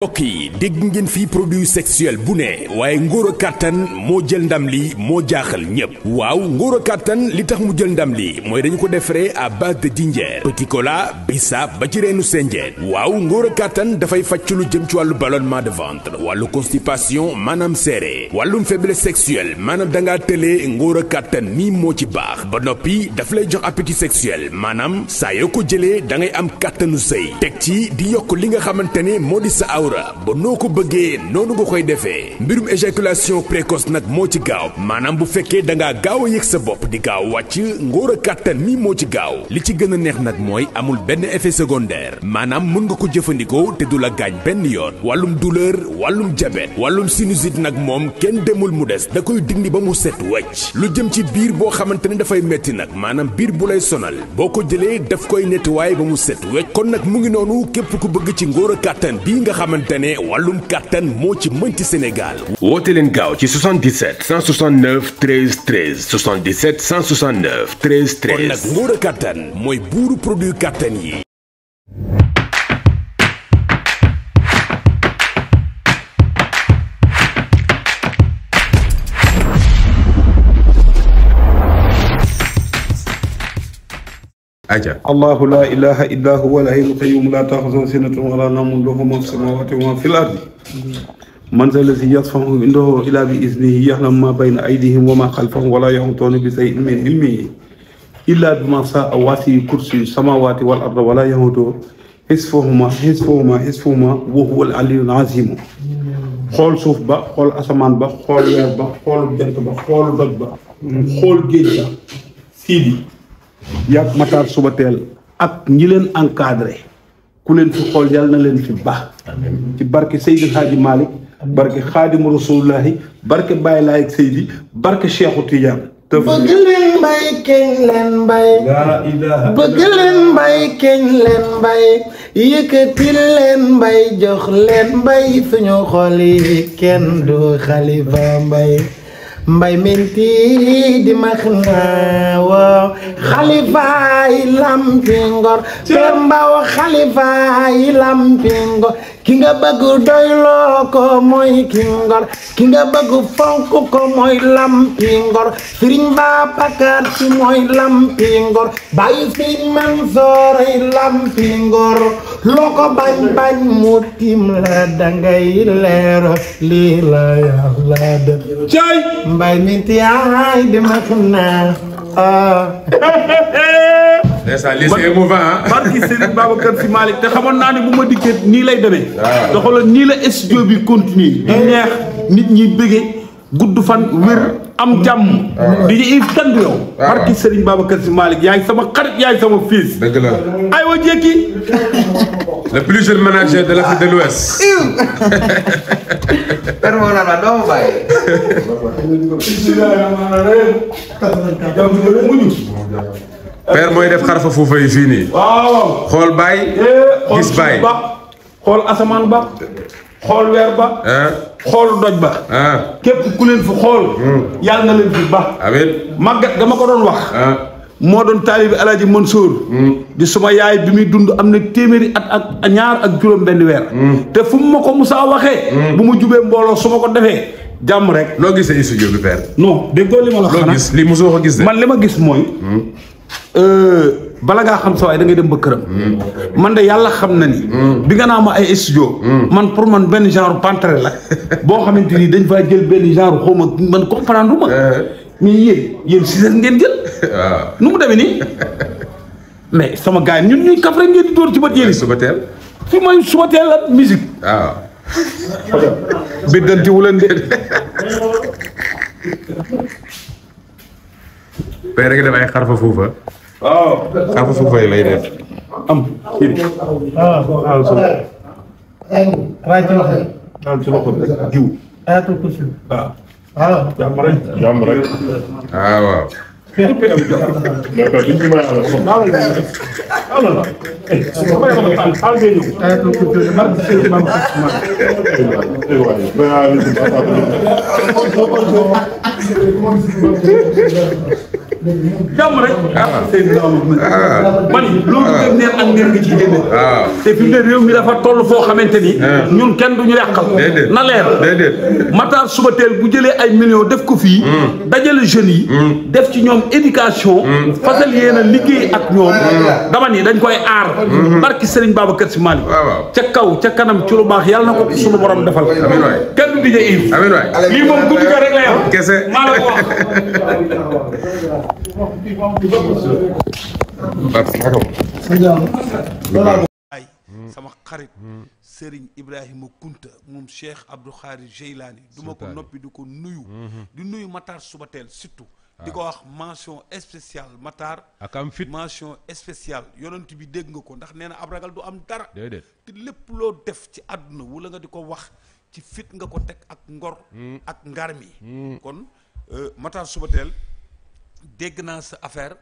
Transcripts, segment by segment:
mbokk yi dégg ngeen fii produit sexuel bu ne waaye ngóor a kàttan moo jël ndam li moo jaaxal ñépp waaw ngóor a kàttan li tax mu jël ndam li mooy dañu ko defaree à base de jinjeer petit cola bisaab ba ci reenu senjeen waaw ngóor a kàttan dafay fàcc lu jëm ci wàllu ballonnement de ventre wàllu constipation maanaam seere wàllum faiblesse sexuelle maanaam da ngaa tëlee ngóor a kàttan nii moo ci baax ba noppi dafa lay jox appétit sexuel maanaam saa yoo ko jëlee da ngay am kàttanu sëy awra ba noo ko bëggee noonu nga koy defee mbirum éjaculation précoce nag moo ci gaaw maanaam bu fekkee da ngaa gaaw a yëg sa bopp di gaaw wàcc ngóor a kàttan mi moo ci gaaw li ci gën a neex nag mooy amul benn effet secondaire maanaam mun nga ko jëfandikoo te du la gaañ benn yoon wàllum douleur wàllum jabet wàllum sinusite nag moom kenn demul mu des da koy dindi ba mu set wecc lu jëm ci biir boo xamante ni dafay metti nag maanaam biir bu lay sonal boo ko jëlee daf koy nettoyer ba mu set kon nag mu ngi noonu képp bëgg ci ngóor a xamante ne wàllum kàttan moo ci mënti Sénégal. woote leen gaaw ci 77 169 13 13 77 169 13 13. kon nag nguur a kàttan mooy buuru produit kàttan yi. aja allahu laa ilaha illa huwa al-hayyul qayyum laa taaxuzuhu sinatun wala nawmun lahu ma fi samawati wa ma fi l-ardi man za lazi yashfau indahu illa bi iznihi ya'lamu ma bayna aydihim wa ma xalfahum wala yuhituuna bi shay'in min ilmihi illa bima saa wasi'a kursiyyu samawati wal arda wala yahuuduhu xisfuhuma xisfuhuma xisfuhuma wa huwa al-aliyyu al-aziim xool suuf ba xool asamaan ba xool weer ba xool jant ba xool doj ba xool géej ba sii bi yàgg Matar suba teel ak ñi leen encadré ku leen fi xool yàlla na leen fi baax ci barke Seydi Hadji Malick barke Xaadimu Rasulullahi barke Baye Seydi barke Cheikhou Tidiane bëgg leen mbay keñ leen mbay bëgg leen mbay yëkkati leen mbay jox leen mbay suñu xol yi kenn du xalifa mbay mbay menti di max naawo xalifaay lampi ngor pembaw xalifaay lampi ngor ki nga bëgg doyloo ko mooy ki ngor ki nga bëgg fonk ko mooy lampi ngor sëriñ Babacar Si mooy lampi ngor bàyyi sëriñ Mansooray lampi ngor loo mu tim la dangay lii la yàlla def mbay mi tiyaay di ma naa ah. barki Serigne Babacar Si Malick te xamoon naa ne bu ma dikkee nii lay demee. waaw te xoolal nii la studio bi continuer hmm. neex nit ñi bëggee gudd fan wér. am hmm. jàmm. di ñu it sant yow. barki Serigne Babacar Si Malick yaay sama xarit yaay sama fils. dëgg la aywa jékki. le de la la doo père mooy def xarfa fuufa yi fii nii. waaw xool baay. Eh, gis baay xool asamaan ba. xool weer ba. Eh. xool doj ba. Eh. képp ku leen fu xool. Hmm. yàlla na leen fi ba. amiin màggat dama ko doon wax. moo doon taalibi Alaaji Mansour hmm. di suma yaay bi muy dund am na téeméeri at ak ñaar ak juróom benn weer. Hmm. te fu mu ma ko musaa waxee. bu mu jubee mbooloo su ma ko defee jàmm rek. loo gis studio bi su non déggoo li ma la. xanaa loo gis man li ma gis mooy. Euh, bala ngaa xam sa waay da ngay dem ba këram. Hmm. man de yàlla xam na ni. Hmm. bi nga naa ma ay studio. Hmm. man pour man benn genre panthère la boo xamante ni dañ faa jël benn genre xaw ma man comprendre ma. Eh. mais yéen yéen si seen ngeen jël. waaw ah. nu mu demee nii. mais sama gars yi ñun ñuy kaf ngeen di dóor ci bët yéen. suba teel fi mooy suba teel la musique. Ah. waaw. waaye rek def ay xarfa fuufa. waaw xarfa fuufa yi lay def. am kii ah waaw solo. rajo loxo. daal ci loxo rek jiw. ayatul kursi. waaw. waaw jàmm rek. jàmm rek. waaw waaw. jàmm rek. ah loolu gëm neen ak neen nga ci génne. waaw te réew mi dafa toll foo xamante ni. Ah. ñun kenn du ñu yàqal. na leer suba teel bu jëlee ay millions def ko fii. Hmm. dajale jeunes yi. Hmm. def ci ñoom éducation. Hmm. fasal yéen a ak ñoom. dama ni dañ koy aar. barki Serigne Babacar Sy Malick. ca kaw ca kanam ci na ko suñu borom ko rek la yor. kese sama xarit Serigne Ibrahima Kunta moom Cheikh Abdou Khari Jeylaani du ma ko noppi di ko nuyu mhm. di nuyu Matar Subatel surtout ah. di ko wax mention spéciale Matar ak am fit mention spéciale yonent bi dégg nga ko ndax nee na ab ragal du am dara déedéet te lépp loo def ci àdduna wula nga di ko wax ci fit nga ko teg ak ngor mm. ak ngar mi mm. kon euh, Matar Subatel dégg naa sa affaire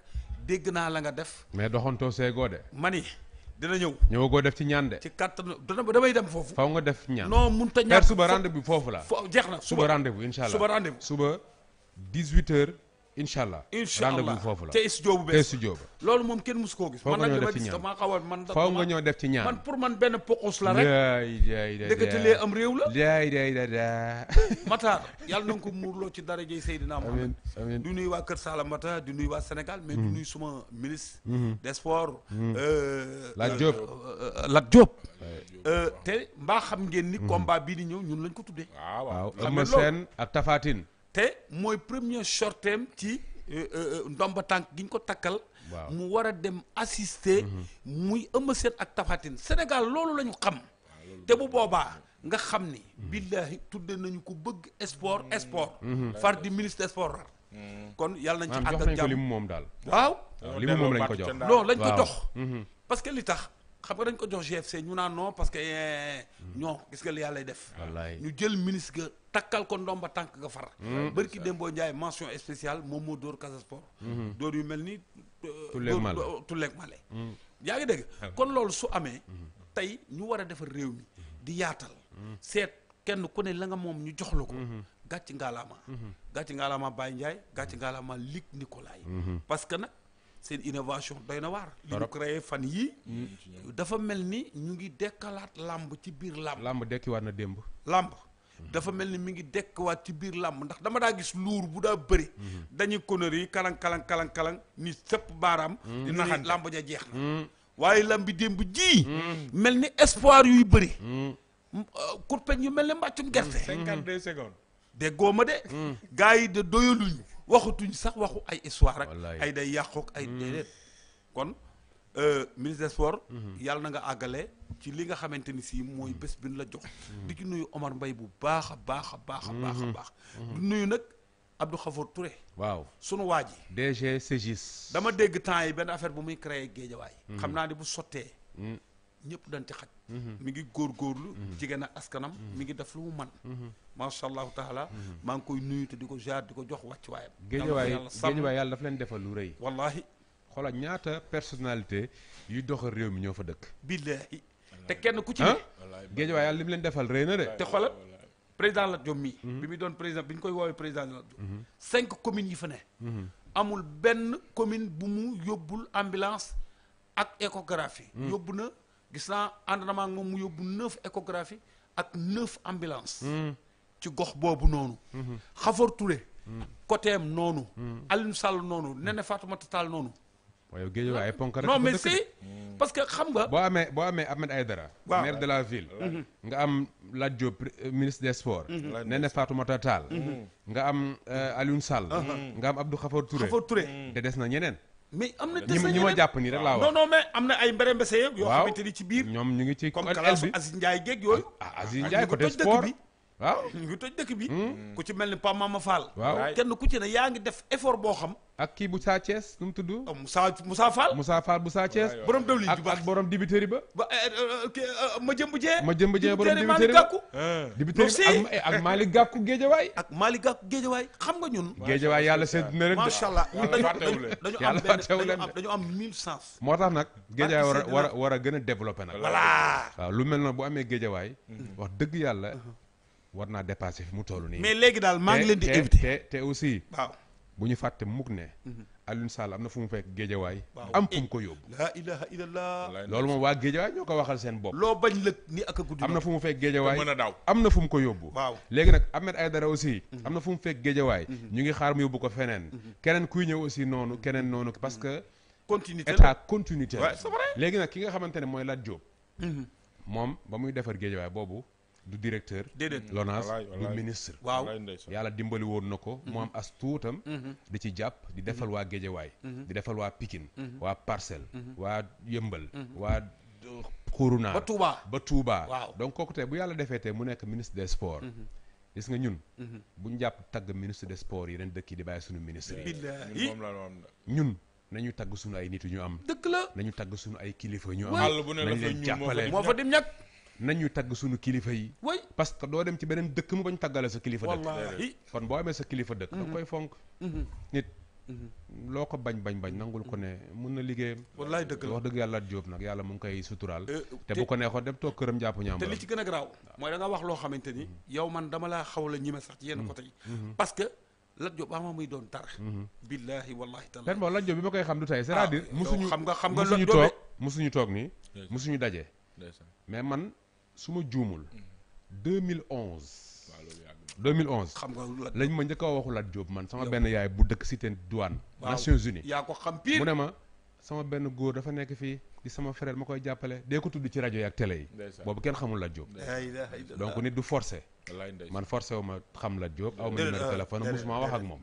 dégg naa la nga def. mais doxantoo seegoo de. ma ni dina ñëw. ñëwagoo def ci ñaan de. ci kàttanu damay dem foofu. faw nga def ñaan non mënut a ñàkk suba rendez-vous foofu la. fo jeex na suba suba rendez-vous allah suba rendez-vous incha allah incha allah foofu te studio bu bees studio ba loolu moom kenn musu koo gis man nag dama gis dama xaw a man faaw nga ñoo def ci ñaan man pour man benn poqus la rek dëggatalee am réew la daay daay da daa Matar yàlla na nga ko ci darajey Seydina Mohamed amiin du nuy waa Kër Salamata du nuy waa Sénégal mais du mm-hmm. nuy suma ministre mm-hmm. des sports mm-hmm. euh, Lat Diop euh, euh, Lat Diop te mbaa xam ngeen ni combat bii di ñëw ñun lañ ko tuddee waaw waaw Eumeu Sène ak Tapha te mooy premier shortem ci euh, euh, euh, ndomba tànk gi ñu ko takkal mu war a dem assister mm-hmm. muy Eumeu Sène ak Tapha Tine Sénégal loolu lañu xam te bu boobaa nga xam ni mm-hmm. billaahi tudde nañu ko bëgg sport mm-hmm. sport far di ministre sport kon yàlla nañ ci àgg ak jàmm li moom daal waaw li moom lañ ko jox non lañ ko jox parce li tax xam nga dañ ko jox GFC ñu naan non parce que ñoo eh, gis nga li yàlla def. ñu jël ministre ga takkal ko ndomba tànk nga far. Mm-hmm. barki démboo Ndiaye mention spéciale moom moo dóor Casa Sport. Mm-hmm. dóor yu mel ni. Tulle Male Tulle Male. yaa ngi dégg ah kon loolu su amee. Mm-hmm. tey ñu war a defar réew mi di yaatal. seet kenn ku ne la nga moom ñu jox la ko. gàcc ngaalaama. gàcc ngaalaama Baye Ndiaye gàcc ngaalaama Luc Nicolaï. parce nag. seen innovation doy na waar. li ñu créé fan yii. Mm. dafa mel ni ñu ngi dekkalaat làmb ci biir làmb. làmb dekkiwaat na démb. làmb dafa mel ni mi ngi dekkiwaat ci biir làmb ndax dama daa gis luur bu daa bëri. Mm-hmm. dañuy konor yi kalang kalang kalang ni sëpp baaraam. di mm. naxat làmb ja jeex na. Mm. waaye làmbi démb ji. mel ni espoir yuy bëri. Euh, kurpeñ yu mel ni mbàccum gerte. 52 secondes. déggoo ma de. gars yi de doyaluñu. waxatuñ sax waxu ay histoire rek ay day yàqook ay hmm. déedéet kon euh, ministre des sports hmm. yàlla na nga àggale ci li nga xamante ni si mooy hmm. bés bi la jox di ci nuyu Omar mbay bu baax a baax a baax a baax a baax du nuyu nag Abdou Khafour Touré waaw sunu waa ji DG Ségis dama dégg temps yi benn affaire bu muy créé Géejawaay xam naa ni bu sottee ñëpp dañ ci xaj mhm. mi ngi góorgóorlu jigéen mhm. ak askanam mhm. mi ngi def lu mu man macha allahu taala maa ngi koy nuyu te di ko jaar di ko jox wàcc waayam géejawaay géejawaay yàlla dafa leen defal lu rëy wallahi xoolal ñaata personnalité yu doxal réew mi ñoo fa dëkk billaahi te kenn ku ci ne géejawaay yàlla li mu leen defal rëy na de te xoolal président Lat Diop mii bi muy doon président bi ñu koy woowee président Lat Diop cinq communes yi fa ne amul benn commune bu mu yóbbul ambulance ak échographie gis naa ànd na maag moom mu yóbbu neuf échographie ak neuf ambulance hmm. ci gox boobu noonu hmm. Xafoor Touré hmm. côté noonu Alioune Sall noonu Néné Fatoumata Tall noonu waaye géej ay ponk parce que xam nga boo amee boo amee Ahmed dara maire de la ville mhm. nga am Lat Diop euh, ministre des sports mhm. Néné Fatoumata mhm. nga am euh, Alioune Sall nga am Abdou Xafoor Touré Xafoor Touré te des na ñeneen mais am na des ñi ma jàpp nii rek laa wax non mais am na ay mbere mbese yoo xamante ni ci biir ñoom ñu ngi ci comme kalaasu Aziz Ndiaye géeg yooyu ah, ah Aziz Ndiaye côté sport waaw ñu ngi toj dëkk bi. Hmm? ku ci mel ni Pape Mama Fall. waaw kenn ku ci ne yaa ngi def effort boo xam. ak kii bu Sa Thiès nu mu tudd. Oh, Moussa Moussa Fall. Moussa Fall bu Sa Thiès. borom dawli ju baax ak borom dibiteri ba. ba ma jëmb jee. ma jëmb jee borom dibiteri ba eh. dibiteri ak ak Malick Gakou Géejawaay. ak Malick Gakou Géejawaay xam nga ñun. Géejawaay yàlla sedd na leen. macha allah yàlla fàttewu leen dañu am dañu am mille sens. moo tax nag Géejawaay war a war a war a gën a développé nag. voilà waaw lu mel noonu bu amee Géejawaay. Mm-hmm. wax dëgg yàlla mm-hmm. war naa dépasser fi mu toll nii. mais léegi daal maa ngi leen di éviter te te aussi. bu ñu fàtte mukk ne. Mhm. Alioune Sall am na fu mu fekk géejawaay. am fu ko yóbbu. laa ilaha loolu moom waa géejawaay ñoo ko waxal seen bopp. loo bañ lëg ni ak am na fu mu fekk géejawaay mën a daaw am na fu mu ko yóbbu. waaw léegi nag Ahmed Aïdara aussi. Mhm. am na fu mu fekk géejawaay. Mhm. ñu ngi xaar mu yóbbu ko feneen. keneen kuy ñëw aussi noonu keneen noonu parce que. continuité état continuité la. léegi nag ki nga xamante ne mooy Lat Diop. moom ba muy defar géejawaay boobu du directeur. déedéet LONASE du ministre. waaw yàlla dimbali woon na ko. Mhm. mu am as tuutam. Mhm. di ci jàpp di defal mhm. waa Géejawaay. di defal waa Pikine. waa Parcelles. waa Yëmbal. waa uh, Xurunaar ba Touba ba Touba. waaw donc kooku tey bu yàlla defee te mu nekk ministre des sports. gis nga ñun. bu ñu jàpp tagg ministre de sports yeneen dëkk yi di bàyyi suñu ministre yi. ñun. nañu tagg suñu ay nit ñu am. dëkk la nañu tagg suñu ay kilifa ñu am. nañ leen jàppale moo fa dim ñàkk nañu tagg suñu kilifa yi way parce que doo dem ci beneen dëkk mu bañ tàggale sa kilifa dëkk kon boo amee sa kilifa dëkk mhm. da koy fonk mhm. nit mhm. loo ko bañ bañ bañ nangul ko ne mun na liggéeyam wallaay dëgg la wax dëgg yàlla jóob nag yàlla mu ngi koy suturaal euh, te bu ko neexoon dem toog këram jàpp ñaam te li ci gën a garaaw mooy da nga wax loo xamante ni yow man dama laa xaw la ñime sax ci yenn côté yi parce que Lat Diop ba muy doon dara billaahi wallaahi taala pen bon Lat bi ma koy xam du tey c'est-à-dire ah, xam nga xam nga musuñu toog musuñu toog nii musuñu daje mais su ma juumul. 2011. Mm. waaw loolu yàgg na 2011. xam nga lañ ma njëkk a waxu Lat Diop man sama benn yaay bu dëkk si cité douane. Nations Unies yaa ko xam pire mu ne ma. sama benn góor dafa nekk fii di sama frère ma koy jàppale dee ko tudd ci rajo yi ak télé yi. boobu kenn xamul Lat Diop. donc nit du forcé. man forcé wu ma xam Lat Diop. aw ma numéro euh, téléphone musuma wax ak moom.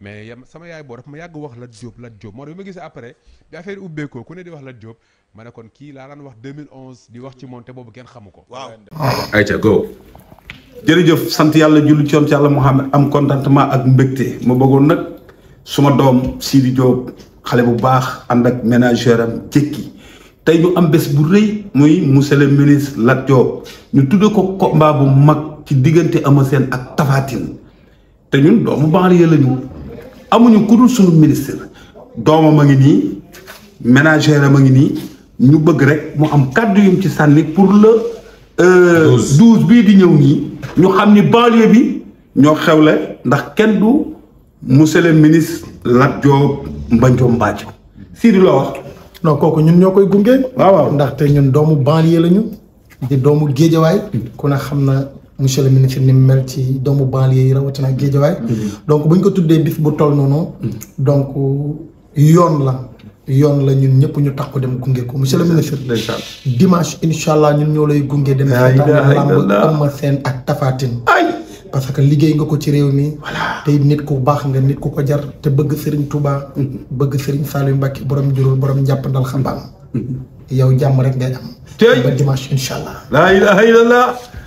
mais sama yaay boo dafa ma yàgg wax Lat Diop Lat Diop moo tax bi ma gisee après bi affaire ubbeekoo ku ne di wax Lat Diop ma kon kii laa daan wax 2011 di wax ci moom te boobu kenn xamu ko. waaw ayca go. jërëjëf sant yàlla julli ci yàlla Mouhamed am contentement ak mbégte ma bëggoon nag suma doom Sidi Diop xale bu baax ànd ak ménageur am jékki tey ñu am bés bu rëy muy monsieur le ministre Lat Diop ñu tuddee ko combat bu mag ci diggante Eumeu seen ak Tapha te ñun doomu banlieue lañu amuñu ku dul sunu ministre doomam a ngi nii ménageur am a ngi nii. ñu bëgg rek mu am kàddu yum ci sànni pour le. Euh, douze douze bii di ñëw ñii. ñu xam ni banlieue bi ñoo xewle ndax kenn du monsieur le ministre Lat Diop Mbanjo Mbathio Sidi loo wax. non kooku ñun ñoo koy gunge. waaw waaw ndaxte ñun doomu banlieue lañu. di doomu géejawaay. ku ne xam na monsieur le ci ni mel ci doomu banlieue yi rawatina géejawaay. Mm-hmm. donc bu ñu ko tuddee bis bu toll noonu. Mm-hmm. donc yoon la. yoon la ñun ñëpp ñu tax ko dem gunge ko monsieur le ministre. dimanche incha allah ñun ñoo lay gunge. dem seetaan làmb Eumeu Sène ak Tapha Tine. parce que liggéey nga ko ci réew mi. te nit ku baax nga nit ku ko jar. te bëgg Serigne Touba. Mm-hmm. bëgg Serigne Saliou Mbacke borom juróom borom njàpp ndal xambaam. Mm-hmm. yow jàmm rek ngay am. tey ba dimanche incha allah. la ilaha illallah.